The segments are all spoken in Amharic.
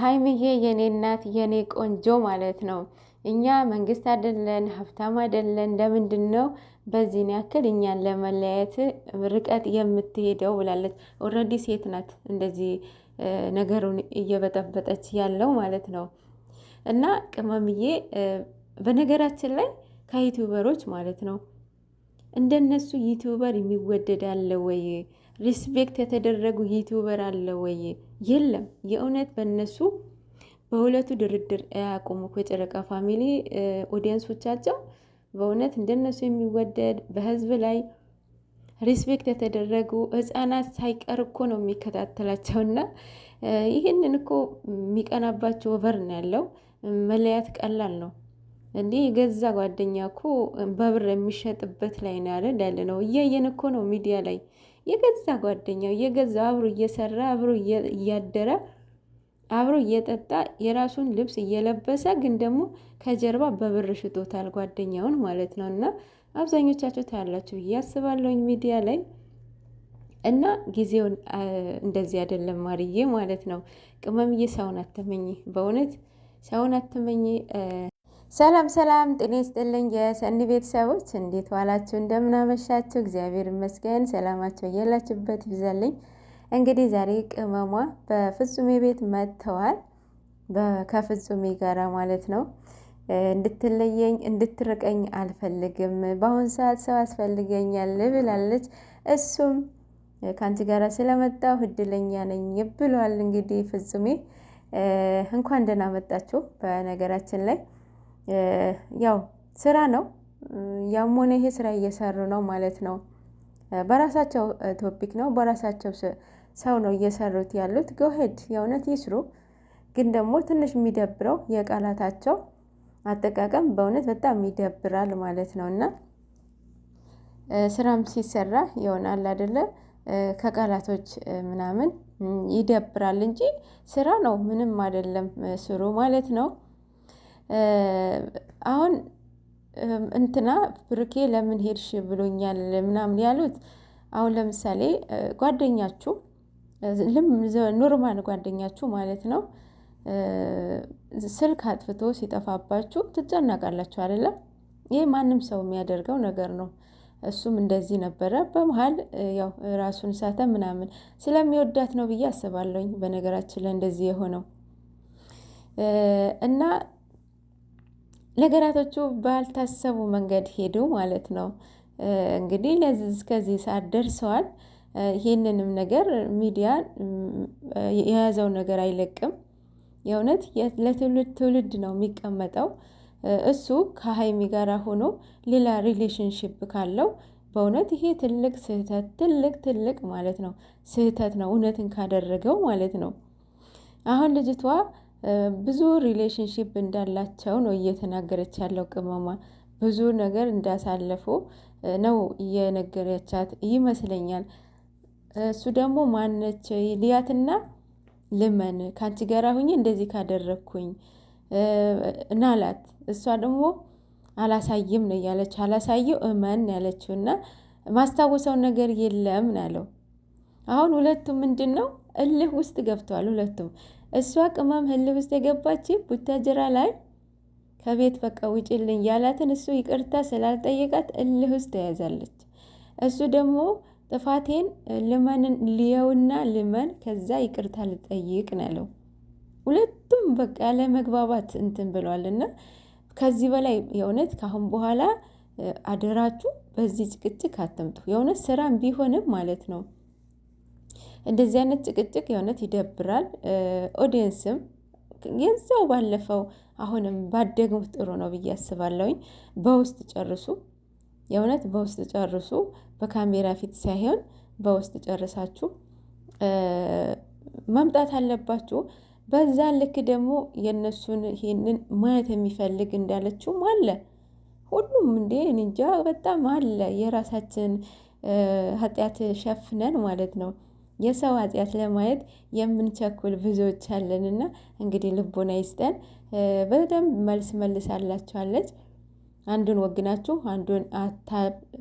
ሀይምዬ የኔ እናት የኔ ቆንጆ ማለት ነው። እኛ መንግስት አይደለን ሀብታም አይደለን። ለምንድን ነው በዚህን ያክል እኛን ለመለያየት ርቀት የምትሄደው? ብላለች። ኦልሬዲ ሴት ናት እንደዚህ ነገሩን እየበጠበጠች ያለው ማለት ነው። እና ቅመምዬ በነገራችን ላይ ከዩቲዩበሮች ማለት ነው እንደነሱ ዩቲዩበር የሚወደድ አለ ወይ? ሪስፔክት የተደረጉ ዩቲዩበር አለ ወይ? የለም። የእውነት በእነሱ በሁለቱ ድርድር አያቁሙ እኮ የጨረቃ ፋሚሊ ኦዲየንሶቻቸው በእውነት እንደነሱ የሚወደድ በህዝብ ላይ ሪስፔክት የተደረጉ ህፃናት ሳይቀር እኮ ነው የሚከታተላቸውና ይህንን እኮ የሚቀናባቸው ወቨር ነው ያለው። መለያት ቀላል ነው። እንዲህ የገዛ ጓደኛ እኮ በብር የሚሸጥበት ላይ ነው ያለ ያለ ነው። እያየን እኮ ነው ሚዲያ ላይ የገዛ ጓደኛው የገዛ አብሮ እየሰራ አብሮ እያደረ አብሮ እየጠጣ የራሱን ልብስ እየለበሰ ግን ደግሞ ከጀርባ በብር ሽጦታል ጓደኛውን ማለት ነው። እና አብዛኞቻችሁ ታያላችሁ ብዬ አስባለሁኝ ሚዲያ ላይ እና ጊዜውን እንደዚህ አይደለም ማርዬ ማለት ነው። ቅመምዬ ሰውን አትመኝ፣ በእውነት ሰውን አትመኝ። ሰላም ሰላም፣ ጤና ይስጥልኝ የሰኒ ቤተሰቦች እንዴት ዋላችሁ? እንደምናመሻችሁ? እግዚአብሔር ይመስገን። ሰላማችሁ እያላችሁበት ይብዛልኝ። እንግዲህ ዛሬ ቅመሟ በፍጹሜ ቤት መጥተዋል፣ ከፍጹሜ ጋራ ማለት ነው። እንድትለየኝ እንድትርቀኝ አልፈልግም፣ በአሁኑ ሰዓት ሰው ያስፈልገኛል ብላለች። እሱም ከአንቺ ጋራ ስለመጣሁ እድለኛ ነኝ ብሏል። እንግዲህ ፍጹሜ እንኳን ደህና መጣችሁ በነገራችን ላይ ያው ስራ ነው። ያም ሆነ ይሄ ስራ እየሰሩ ነው ማለት ነው። በራሳቸው ቶፒክ ነው፣ በራሳቸው ሰው ነው እየሰሩት ያሉት። ጎሄድ የእውነት ይስሩ። ግን ደግሞ ትንሽ የሚደብረው የቃላታቸው አጠቃቀም በእውነት በጣም ይደብራል ማለት ነው። እና ስራም ሲሰራ ይሆናል አይደለ ከቃላቶች ምናምን ይደብራል እንጂ ስራ ነው፣ ምንም አይደለም። ስሩ ማለት ነው። አሁን እንትና ብሩኬ ለምን ሄድሽ ብሎኛል ምናምን ያሉት አሁን ለምሳሌ ጓደኛችሁ ኖርማል ጓደኛችሁ ማለት ነው ስልክ አጥፍቶ ሲጠፋባችሁ ትጨናቃላችሁ አይደለም? ይህ ማንም ሰው የሚያደርገው ነገር ነው። እሱም እንደዚህ ነበረ። በመሀል ያው ራሱን ሳተ ምናምን ስለሚወዳት ነው ብዬ አስባለሁኝ። በነገራችን ላይ እንደዚህ የሆነው እና ነገራቶቹ ባልታሰቡ መንገድ ሄዱ ማለት ነው። እንግዲህ ለዚህ እስከዚህ ሰዓት ደርሰዋል። ይህንንም ነገር ሚዲያ የያዘው ነገር አይለቅም። የእውነት ለትውልድ ትውልድ ነው የሚቀመጠው። እሱ ከሀይሚ ጋር ሆኖ ሌላ ሪሌሽንሽፕ ካለው በእውነት ይሄ ትልቅ ስህተት ትልቅ ትልቅ ማለት ነው ስህተት ነው፣ እውነትን ካደረገው ማለት ነው። አሁን ልጅቷ ብዙ ሪሌሽንሽፕ እንዳላቸው ነው እየተናገረች ያለው። ቅመሟ ብዙ ነገር እንዳሳለፉ ነው እየነገረቻት ይመስለኛል። እሱ ደግሞ ማነች ሊያትና ልመን ከአንቺ ጋር ሁኝ እንደዚህ ካደረግኩኝ እናላት። እሷ ደግሞ አላሳይም ነው ያለችው። አላሳየው እመን ያለችው እና ማስታወሰው ነገር የለም ናለው። አሁን ሁለቱም ምንድን ነው እልህ ውስጥ ገብተዋል ሁለቱም እሷ ቅመም ህል ውስጥ የገባች ቡታጀራ ላይ ከቤት በቃ ውጭልኝ ያላትን እሱ ይቅርታ ስላልጠየቃት እልህ ውስጥ ተያዛለች። እሱ ደግሞ ጥፋቴን ልመንን ልየውና ልመን ከዛ ይቅርታ ልጠይቅ ነው ያለው። ሁለቱም በቃ ያለ መግባባት እንትን ብሏልና ከዚህ በላይ የእውነት ካሁን በኋላ አደራችሁ በዚህ ጭቅጭቅ አትምጡ። የእውነት ስራም ቢሆንም ማለት ነው እንደዚህ አይነት ጭቅጭቅ የእውነት ይደብራል። ኦዲየንስም የዛው ባለፈው አሁንም ባደግም ጥሩ ነው ብዬ አስባለሁኝ። በውስጥ ጨርሱ፣ የእውነት በውስጥ ጨርሱ። በካሜራ ፊት ሳይሆን በውስጥ ጨርሳችሁ መምጣት አለባችሁ። በዛ ልክ ደግሞ የእነሱን ይሄንን ማየት የሚፈልግ እንዳለችውም አለ። ሁሉም እንዴ እንጃ በጣም አለ። የራሳችን ኃጢአት ሸፍነን ማለት ነው የሰው ኃጢአት ለማየት የምንቸኩል ብዙዎች አለንና እንግዲህ ልቦና ይስጠን። በደንብ መልስ መልሳላችኋለች። አንዱን ወግናችሁ አንዱን አታ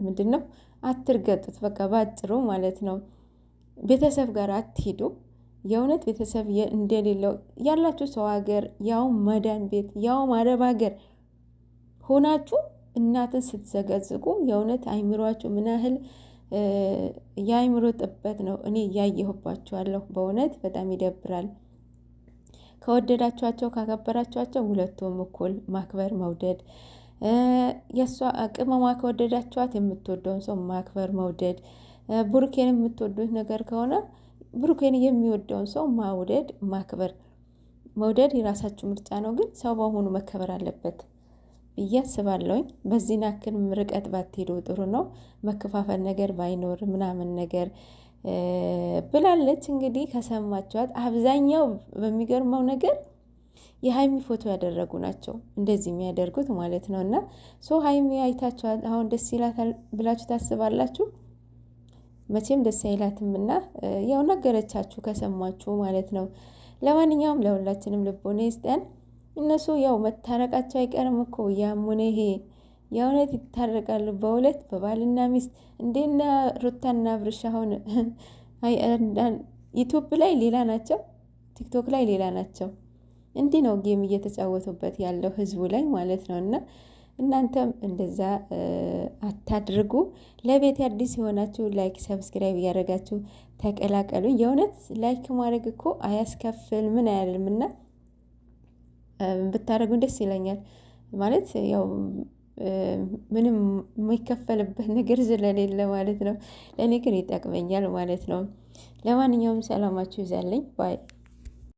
ምንድን ነው አትርገጡት። በቃ ባጭሩ ማለት ነው። ቤተሰብ ጋር አትሂዱ። የእውነት ቤተሰብ እንደሌለው ያላችሁ ሰው ሀገር፣ ያው መዳን ቤት፣ ያው አረብ ሀገር ሆናችሁ እናትን ስትዘገዝቁ የእውነት አይምሯችሁ ምን ያህል የአይምሮ ጥበት ነው። እኔ እያየሁባቸዋለሁ። በእውነት በጣም ይደብራል። ከወደዳችኋቸው ካከበራችኋቸው፣ ሁለቱም እኩል ማክበር መውደድ የእሷ ቅመሟ ከወደዳችኋት የምትወደውን ሰው ማክበር መውደድ፣ ብሩኬን የምትወዱት ነገር ከሆነ ብሩኬን የሚወደውን ሰው ማውደድ ማክበር መውደድ የራሳችሁ ምርጫ ነው፣ ግን ሰው በሆኑ መከበር አለበት። ብዬ አስባለሁኝ። በዚህ ናክል ርቀት ባትሄዱ ጥሩ ነው፣ መከፋፈል ነገር ባይኖር ምናምን ነገር ብላለች። እንግዲህ ከሰማችኋት አብዛኛው በሚገርመው ነገር የሀይሚ ፎቶ ያደረጉ ናቸው እንደዚህ የሚያደርጉት ማለት ነው። እና ሶ ሀይሚ አይታችኋል አሁን ደስ ይላታል ብላችሁ ታስባላችሁ? መቼም ደስ አይላትም። እና ያው ነገረቻችሁ ከሰማችሁ ማለት ነው። ለማንኛውም ለሁላችንም ልቦና ይስጠን። እነሱ ያው መታረቃቸው አይቀርም እኮ ያሙነ ይሄ የእውነት ይታረቃሉ። በሁለት በባልና ሚስት እንዴና ሩታና ብርሻ አሁን ዩቱብ ላይ ሌላ ናቸው፣ ቲክቶክ ላይ ሌላ ናቸው። እንዲህ ነው ጌም እየተጫወቱበት ያለው ህዝቡ ላይ ማለት ነው። እና እናንተም እንደዛ አታድርጉ። ለቤት አዲስ የሆናችሁ ላይክ፣ ሰብስክራይብ እያደረጋችሁ ተቀላቀሉ። የእውነት ላይክ ማድረግ እኮ አያስከፍል ምን አያልምና ብታደርጉን ደስ ይለኛል። ማለት ያው ምንም የሚከፈልበት ነገር ስለሌለ ማለት ነው። ለእኔ ግን ይጠቅመኛል ማለት ነው። ለማንኛውም ሰላማችሁ ይዛለኝ ባይ